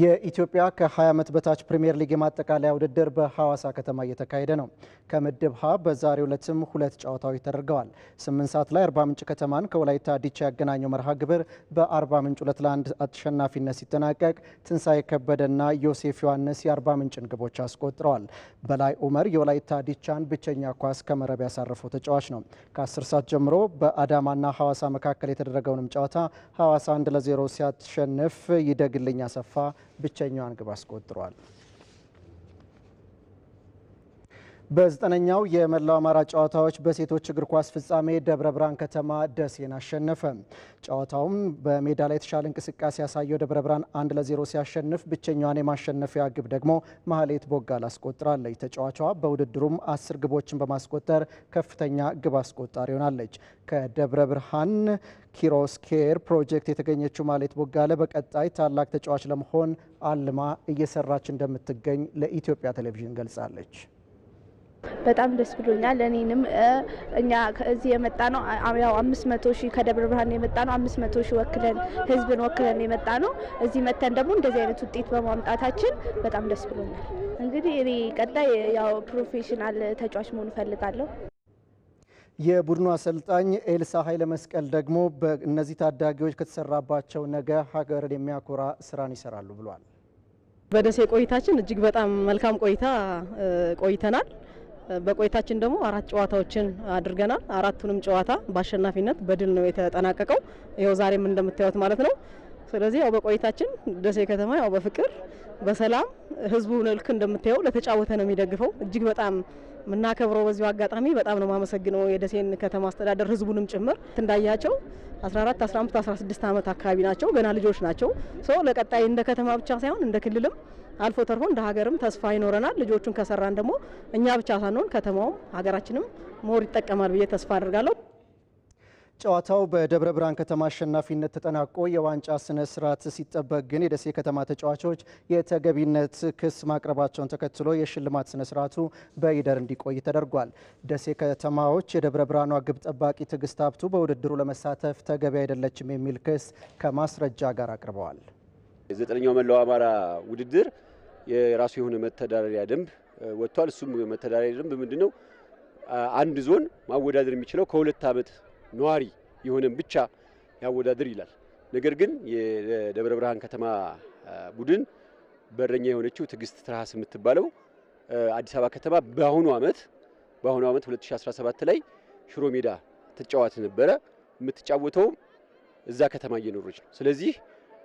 የኢትዮጵያ ከ20 ዓመት በታች ፕሪምየር ሊግ የማጠቃለያ ውድድር በሐዋሳ ከተማ እየተካሄደ ነው። ከምድብ ሀ በዛሬው ዕለትም ሁለት ጨዋታዎች ተደርገዋል። ስምንት ሰዓት ላይ አርባ ምንጭ ከተማን ከወላይታ ዲቻ ያገናኘው መርሃ ግብር በአርባ ምንጭ ሁለት ለአንድ አሸናፊነት ሲጠናቀቅ ትንሣኤ ከበደና ዮሴፍ ዮሐንስ የአርባ ምንጭን ግቦች አስቆጥረዋል። በላይ ኡመር የወላይታ ዲቻን ብቸኛ ኳስ ከመረብ ያሳረፈው ተጫዋች ነው። ከ10 ሰዓት ጀምሮ በአዳማና ሐዋሳ መካከል የተደረገውንም ጨዋታ ሐዋሳ አንድ ለዜሮ ሲያሸንፍ ይደግልኝ አሰፋ ብቸኛዋን ግብ አስቆጥሯል በዘጠነኛው የመላው አማራ ጨዋታዎች በሴቶች እግር ኳስ ፍጻሜ ደብረ ብርሃን ከተማ ደሴን አሸነፈ። ጨዋታውም በሜዳ ላይ የተሻለ እንቅስቃሴ ያሳየው ደብረ ብርሃን አንድ ለዜሮ ሲያሸንፍ ብቸኛዋን የማሸነፊያ ግብ ደግሞ ማህሌት ቦጋል አስቆጥራለች። ተጫዋቿ በውድድሩም አስር ግቦችን በማስቆጠር ከፍተኛ ግብ አስቆጣሪ ሆናለች። ከደብረ ብርሃን ኪሮስ ኬር ፕሮጀክት የተገኘችው ማህሌት ቦጋለ በቀጣይ ታላቅ ተጫዋች ለመሆን አልማ እየሰራች እንደምትገኝ ለኢትዮጵያ ቴሌቪዥን ገልጻለች። በጣም ደስ ብሎኛል። እኔንም እኛ ከዚህ የመጣ ነው ያው አምስት መቶ ሺህ ከደብረ ብርሃን የመጣ ነው አምስት መቶ ሺህ ወክለን ህዝብን ወክለን የመጣ ነው። እዚህ መተን ደግሞ እንደዚህ አይነት ውጤት በማምጣታችን በጣም ደስ ብሎኛል። እንግዲህ እኔ ቀጣይ ያው ፕሮፌሽናል ተጫዋች መሆን እፈልጋለሁ። የቡድኑ አሰልጣኝ ኤልሳ ኃይለ መስቀል ደግሞ በእነዚህ ታዳጊዎች ከተሰራባቸው ነገ ሀገርን የሚያኮራ ስራን ይሰራሉ ብሏል። በደሴ ቆይታችን እጅግ በጣም መልካም ቆይታ ቆይተናል። በቆይታችን ደግሞ አራት ጨዋታዎችን አድርገናል። አራቱንም ጨዋታ በአሸናፊነት በድል ነው የተጠናቀቀው። ይኸው ዛሬም እንደምታዩት ማለት ነው። ስለዚህ ያው በቆይታችን ደሴ ከተማ ያው በፍቅር በሰላም ህዝቡ ልክ እንደምታየው ለተጫወተ ነው የሚደግፈው እጅግ በጣም የምናከብረው። በዚሁ አጋጣሚ በጣም ነው ማመሰግነው የደሴን ከተማ አስተዳደር ህዝቡንም ጭምር እንዳያቸው 14፣ 15፣ 16 ዓመት አካባቢ ናቸው። ገና ልጆች ናቸው። ሶ ለቀጣይ እንደ ከተማ ብቻ ሳይሆን እንደ ክልልም አልፎ ተርፎ እንደ ሀገርም ተስፋ ይኖረናል። ልጆቹን ከሰራን ደግሞ እኛ ብቻ ሳንሆን ከተማውም ሀገራችንም ሞር ይጠቀማል ብዬ ተስፋ አድርጋለሁ። ጨዋታው በደብረ ብርሃን ከተማ አሸናፊነት ተጠናቆ የዋንጫ ስነ ስርዓት ሲጠበቅ ግን የደሴ ከተማ ተጫዋቾች የተገቢነት ክስ ማቅረባቸውን ተከትሎ የሽልማት ስነ ስርዓቱ በይደር እንዲቆይ ተደርጓል። ደሴ ከተማዎች የደብረ ብርሃኗ ግብ ጠባቂ ትዕግስት ሀብቱ በውድድሩ ለመሳተፍ ተገቢ አይደለችም የሚል ክስ ከማስረጃ ጋር አቅርበዋል። የዘጠነኛው መላው አማራ ውድድር የራሱ የሆነ መተዳደሪያ ደንብ ወጥቷል። እሱም መተዳደሪያ ደንብ ምንድነው? አንድ ዞን ማወዳደር የሚችለው ከሁለት ዓመት ነዋሪ የሆነን ብቻ ያወዳድር ይላል። ነገር ግን የደብረ ብርሃን ከተማ ቡድን በረኛ የሆነችው ትዕግስት ትርሃስ የምትባለው አዲስ አበባ ከተማ በአሁኑ ዓመት በአሁኑ ዓመት 2017 ላይ ሽሮ ሜዳ ትጫዋት ነበረ። የምትጫወተውም እዛ ከተማ እየኖረች ነው። ስለዚህ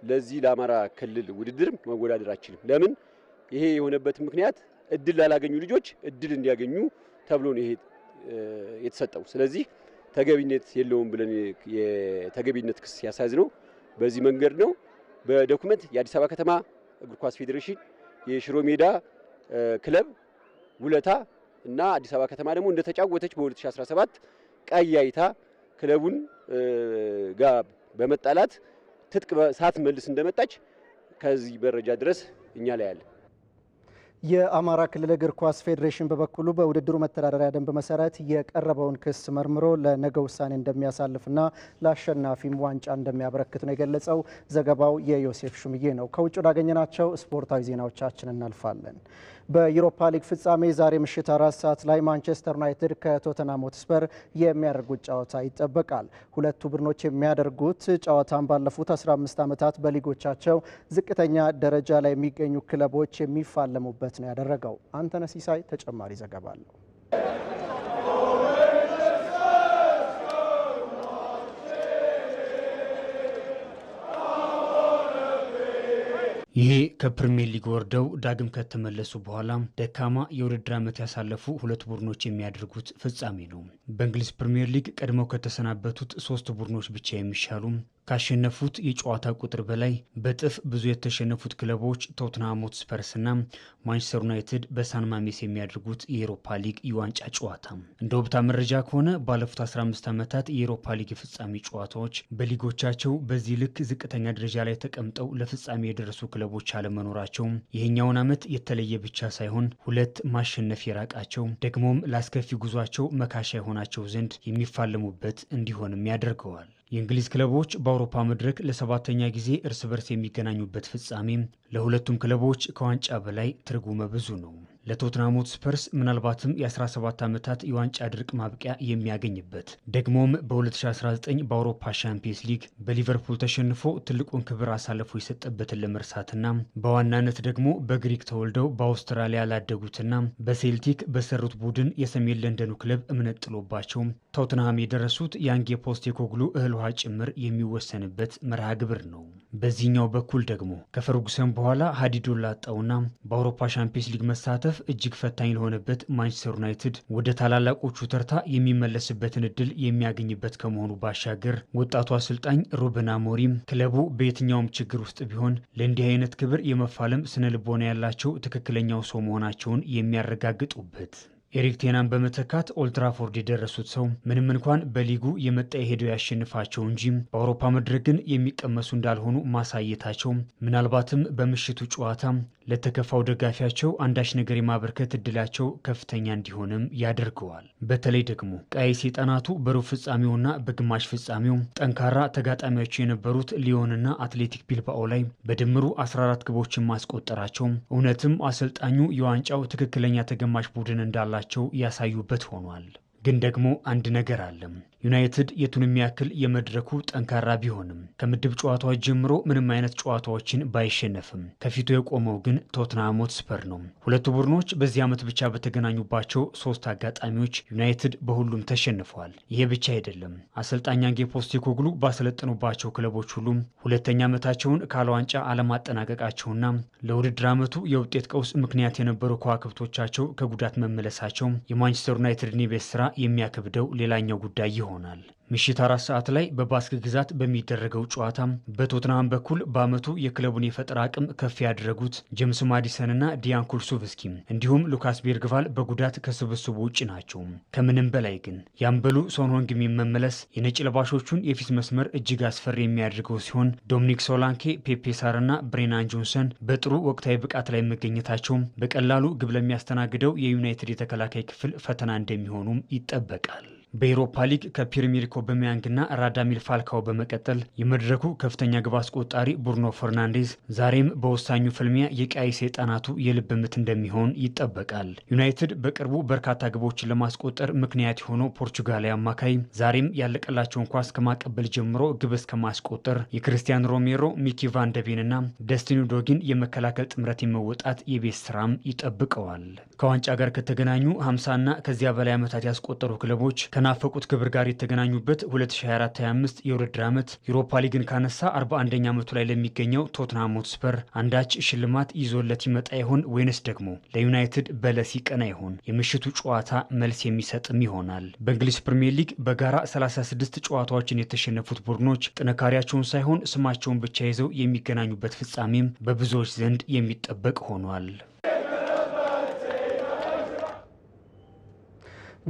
ለዚህ ለአማራ ክልል ውድድር መወዳደር አችልም። ለምን? ይሄ የሆነበት ምክንያት እድል ላላገኙ ልጆች እድል እንዲያገኙ ተብሎ ነው ይሄ የተሰጠው። ስለዚህ ተገቢነት የለውም ብለን የተገቢነት ክስ ነው። በዚህ መንገድ ነው። በዶኩመንት የአዲስ አበባ ከተማ እግር ኳስ ፌዴሬሽን የሽሮ ሜዳ ክለብ ውለታ እና አዲስ አበባ ከተማ ደግሞ እንደተጫወተች በ2017 ቀይ አይታ ክለቡን ጋር በመጣላት ትጥቅ ሰዓት መልስ እንደመጣች ከዚህ መረጃ ድረስ እኛ ላይ አለ። የአማራ ክልል እግር ኳስ ፌዴሬሽን በበኩሉ በውድድሩ መተዳደሪያ ደንብ መሰረት የቀረበውን ክስ መርምሮ ለነገ ውሳኔ እንደሚያሳልፍና ለአሸናፊም ዋንጫ እንደሚያበረክት ነው የገለጸው። ዘገባው የዮሴፍ ሹምዬ ነው። ከውጭ ወዳገኘናቸው ስፖርታዊ ዜናዎቻችን እናልፋለን። በዩሮፓ ሊግ ፍጻሜ ዛሬ ምሽት አራት ሰዓት ላይ ማንቸስተር ዩናይትድ ከቶተናም ሆትስፐር የሚያደርጉት ጨዋታ ይጠበቃል። ሁለቱ ቡድኖች የሚያደርጉት ጨዋታን ባለፉት 15 ዓመታት በሊጎቻቸው ዝቅተኛ ደረጃ ላይ የሚገኙ ክለቦች የሚፋለሙበት ውይይት ነው ያደረገው። አንተነ ሲሳይ ተጨማሪ ዘገባ አለው። ይሄ ከፕሪሚየር ሊግ ወርደው ዳግም ከተመለሱ በኋላ ደካማ የውድድር ዓመት ያሳለፉ ሁለት ቡድኖች የሚያደርጉት ፍጻሜ ነው። በእንግሊዝ ፕሪሚየር ሊግ ቀድመው ከተሰናበቱት ሶስት ቡድኖች ብቻ የሚሻሉ ካሸነፉት የጨዋታ ቁጥር በላይ በጥፍ ብዙ የተሸነፉት ክለቦች ቶትንሃም ሆትስፐርስና ማንቸስተር ዩናይትድ በሳን ማሜስ የሚያደርጉት የኤሮፓ ሊግ የዋንጫ ጨዋታ። እንደ ወብታ መረጃ ከሆነ ባለፉት 15 ዓመታት የኤሮፓ ሊግ የፍጻሜ ጨዋታዎች በሊጎቻቸው በዚህ ልክ ዝቅተኛ ደረጃ ላይ ተቀምጠው ለፍጻሜ የደረሱ ክለቦች አለመኖራቸው ይህኛውን ዓመት የተለየ ብቻ ሳይሆን ሁለት ማሸነፍ የራቃቸው ደግሞም ለአስከፊ ጉዟቸው መካሻ የሆናቸው ዘንድ የሚፋለሙበት እንዲሆንም ያደርገዋል። የእንግሊዝ ክለቦች በአውሮፓ መድረክ ለሰባተኛ ጊዜ እርስ በርስ የሚገናኙበት ፍጻሜ ለሁለቱም ክለቦች ከዋንጫ በላይ ትርጉመ ብዙ ነው። ለቶትናም ሆትስፐርስ ምናልባትም የ17 ዓመታት የዋንጫ ድርቅ ማብቂያ የሚያገኝበት ደግሞም በ2019 በአውሮፓ ሻምፒየንስ ሊግ በሊቨርፑል ተሸንፎ ትልቁን ክብር አሳልፎ የሰጠበትን ለመርሳትና በዋናነት ደግሞ በግሪክ ተወልደው በአውስትራሊያ ላደጉትና በሴልቲክ በሰሩት ቡድን የሰሜን ለንደኑ ክለብ እምነት ጥሎባቸው ቶትናሃም የደረሱት የአንጌ ፖስቴኮግሉ እህል ውሃ ጭምር የሚወሰንበት መርሃ ግብር ነው። በዚህኛው በኩል ደግሞ ከፈርጉሰን በኋላ ሀዲዱን ላጣውና በአውሮፓ ሻምፒየንስ ሊግ መሳተፍ እጅግ ፈታኝ ለሆነበት ማንቸስተር ዩናይትድ ወደ ታላላቆቹ ተርታ የሚመለስበትን እድል የሚያገኝበት ከመሆኑ ባሻገር ወጣቱ አሰልጣኝ ሩበን አሞሪም ክለቡ በየትኛውም ችግር ውስጥ ቢሆን ለእንዲህ አይነት ክብር የመፋለም ስነ ልቦና ያላቸው ትክክለኛው ሰው መሆናቸውን የሚያረጋግጡበት ኤሪክ ቴናን በመተካት ኦልትራፎርድ የደረሱት ሰው ምንም እንኳን በሊጉ የመጣ የሄደው ያሸንፋቸው እንጂ በአውሮፓ መድረክ ግን የሚቀመሱ እንዳልሆኑ ማሳየታቸው ምናልባትም በምሽቱ ጨዋታ ለተከፋው ደጋፊያቸው አንዳች ነገር የማበርከት እድላቸው ከፍተኛ እንዲሆንም ያደርገዋል። በተለይ ደግሞ ቀይ ሰይጣናቱ በሩብ ፍጻሜውና በግማሽ ፍጻሜው ጠንካራ ተጋጣሚያቸው የነበሩት ሊዮንና አትሌቲክ ቢልባኦ ላይ በድምሩ 14 ግቦችን ማስቆጠራቸው እውነትም አሰልጣኙ የዋንጫው ትክክለኛ ተገማሽ ቡድን እንዳላቸው ያሳዩበት ሆኗል። ግን ደግሞ አንድ ነገር አለም ዩናይትድ የቱንም ያክል የመድረኩ ጠንካራ ቢሆንም ከምድብ ጨዋታዎች ጀምሮ ምንም አይነት ጨዋታዎችን ባይሸነፍም ከፊቱ የቆመው ግን ቶትናም ሆትስፐር ነው። ሁለቱ ቡድኖች በዚህ ዓመት ብቻ በተገናኙባቸው ሶስት አጋጣሚዎች ዩናይትድ በሁሉም ተሸንፈዋል። ይሄ ብቻ አይደለም። አሰልጣኝ አንጌ ፖስቴኮግሉ ባሰለጠኑባቸው ክለቦች ሁሉም ሁለተኛ ዓመታቸውን ካለ ዋንጫ አለማጠናቀቃቸውና ለውድድር ዓመቱ የውጤት ቀውስ ምክንያት የነበሩ ከዋክብቶቻቸው ከጉዳት መመለሳቸው የማንቸስተር ዩናይትድን የቤት ስራ የሚያከብደው ሌላኛው ጉዳይ ይሆን። ይሆናል። ምሽት አራት ሰዓት ላይ በባስክ ግዛት በሚደረገው ጨዋታም በቶትናም በኩል በአመቱ የክለቡን የፈጠራ አቅም ከፍ ያደረጉት ጄምስ ማዲሰንና ዲያን ኩሉሱቭስኪ እንዲሁም ሉካስ ቤርግቫል በጉዳት ከስብስቡ ውጭ ናቸው። ከምንም በላይ ግን ያምበሉ ሶንሆንግ የሚመመለስ የነጭ ለባሾቹን የፊት መስመር እጅግ አስፈሪ የሚያደርገው ሲሆን ዶሚኒክ ሶላንኬ፣ ፔፔ ሳርና ብሬናን ጆንሰን በጥሩ ወቅታዊ ብቃት ላይ መገኘታቸው በቀላሉ ግብ ለሚያስተናግደው የዩናይትድ የተከላካይ ክፍል ፈተና እንደሚሆኑም ይጠበቃል። በኤሮፓ ሊግ ከፒርሚር ኮበሚያንግና ራዳሚል ፋልካው በመቀጠል የመድረኩ ከፍተኛ ግብ አስቆጣሪ ቡርኖ ፈርናንዴዝ ዛሬም በወሳኙ ፍልሚያ የቀያይ ሰይጣናቱ የልብ ምት እንደሚሆን ይጠበቃል። ዩናይትድ በቅርቡ በርካታ ግቦችን ለማስቆጠር ምክንያት የሆነው ፖርቹጋላዊ አማካይ ዛሬም ያለቀላቸውን ኳስ ከማቀበል ጀምሮ ግብ እስከ የክርስቲያን ሮሜሮ፣ ሚኪ ቫንደቤንና ደስቲኒ ዶጊን የመከላከል ጥምረት የመወጣት የቤት ስራም ይጠብቀዋል። ከዋንጫ ጋር ከተገናኙ 50ና ከዚያ በላይ ዓመታት ያስቆጠሩ ክለቦች ከናፈቁት ግብር ጋር የተገናኙበት 2024/25 የውድድር ዓመት ዩሮፓ ሊግን ካነሳ 41ኛ ዓመቱ ላይ ለሚገኘው ቶትናም ሆትስፐር አንዳች ሽልማት ይዞለት ይመጣ ይሆን ወይንስ ደግሞ ለዩናይትድ በለስ ይቀና ይሆን? የምሽቱ ጨዋታ መልስ የሚሰጥም ይሆናል። በእንግሊዝ ፕሪምየር ሊግ በጋራ 36 ጨዋታዎችን የተሸነፉት ቡድኖች ጥንካሬያቸውን ሳይሆን ስማቸውን ብቻ ይዘው የሚገናኙበት ፍጻሜም በብዙዎች ዘንድ የሚጠበቅ ሆኗል።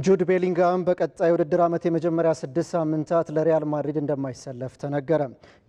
ጁድ ቤሊንጋም በቀጣይ ውድድር ዓመት የመጀመሪያ ስድስት ሳምንታት ለሪያል ማድሪድ እንደማይሰለፍ ተነገረ።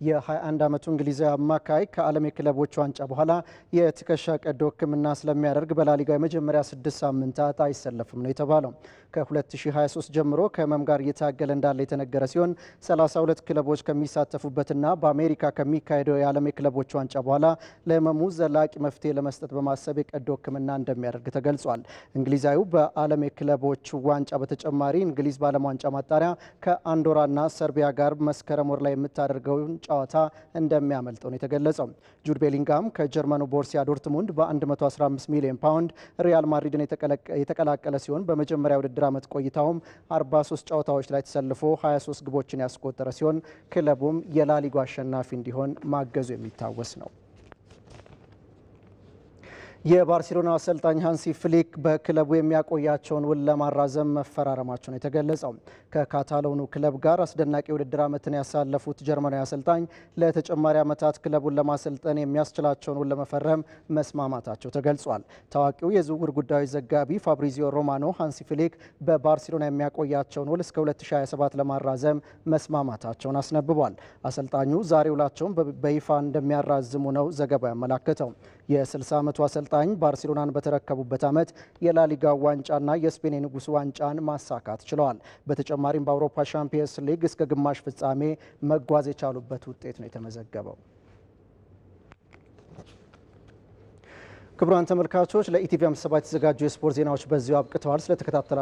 የ21 ዓመቱ እንግሊዛዊ አማካይ ከዓለም የክለቦች ዋንጫ በኋላ የትከሻ ቀዶ ሕክምና ስለሚያደርግ በላሊጋ የመጀመሪያ ስድስት ሳምንታት አይሰለፍም ነው የተባለው። ከ2023 ጀምሮ ከህመም ጋር እየታገለ እንዳለ የተነገረ ሲሆን 32 ክለቦች ከሚሳተፉበትና በአሜሪካ ከሚካሄደው የዓለም የክለቦች ዋንጫ በኋላ ለህመሙ ዘላቂ መፍትሄ ለመስጠት በማሰብ የቀዶ ሕክምና እንደሚያደርግ ተገልጿል። እንግሊዛዊው በዓለም የክለቦች ዋንጫ በተጨማሪ እንግሊዝ በዓለም ዋንጫ ማጣሪያ ከአንዶራና ሰርቢያ ጋር መስከረም ወር ላይ የምታደርገውን ጨዋታ እንደሚያመልጠው ነው የተገለጸው። ጁድ ቤሊንጋም ከጀርመኑ ቦርሲያ ዶርትሙንድ በ115 ሚሊዮን ፓውንድ ሪያል ማድሪድን የተቀላቀለ ሲሆን በመጀመሪያ ውድድር ዓመት ቆይታውም 43 ጨዋታዎች ላይ ተሰልፎ 23 ግቦችን ያስቆጠረ ሲሆን ክለቡም የላሊጉ አሸናፊ እንዲሆን ማገዙ የሚታወስ ነው። የባርሴሎና አሰልጣኝ ሃንሲ ፍሊክ በክለቡ የሚያቆያቸውን ውል ለማራዘም መፈራረማቸው ነው የተገለጸው። ከካታሎኑ ክለብ ጋር አስደናቂ ውድድር ዓመትን ያሳለፉት ጀርመናዊ አሰልጣኝ ለተጨማሪ ዓመታት ክለቡን ለማሰልጠን የሚያስችላቸውን ውል ለመፈረም መስማማታቸው ተገልጿል። ታዋቂው የዝውውር ጉዳዮች ዘጋቢ ፋብሪዚዮ ሮማኖ ሃንሲ ፊሊክ በባርሴሎና የሚያቆያቸውን ውል እስከ 2027 ለማራዘም መስማማታቸውን አስነብቧል። አሰልጣኙ ዛሬ ውላቸውን በይፋ እንደሚያራዝሙ ነው ዘገባው ያመላከተው። የ60 ዓመቱ አሰልጣኝ ባርሴሎናን በተረከቡበት ዓመት የላሊጋ ዋንጫና የስፔን የንጉሥ ዋንጫን ማሳካት ችለዋል። በተጨማ በተጨማሪም በአውሮፓ ሻምፒየንስ ሊግ እስከ ግማሽ ፍጻሜ መጓዝ የቻሉበት ውጤት ነው የተመዘገበው። ክቡራን ተመልካቾች ለኢቲቪ አምስት የተዘጋጁ የስፖርት ዜናዎች በዚሁ አብቅተዋል። ስለተከታተላ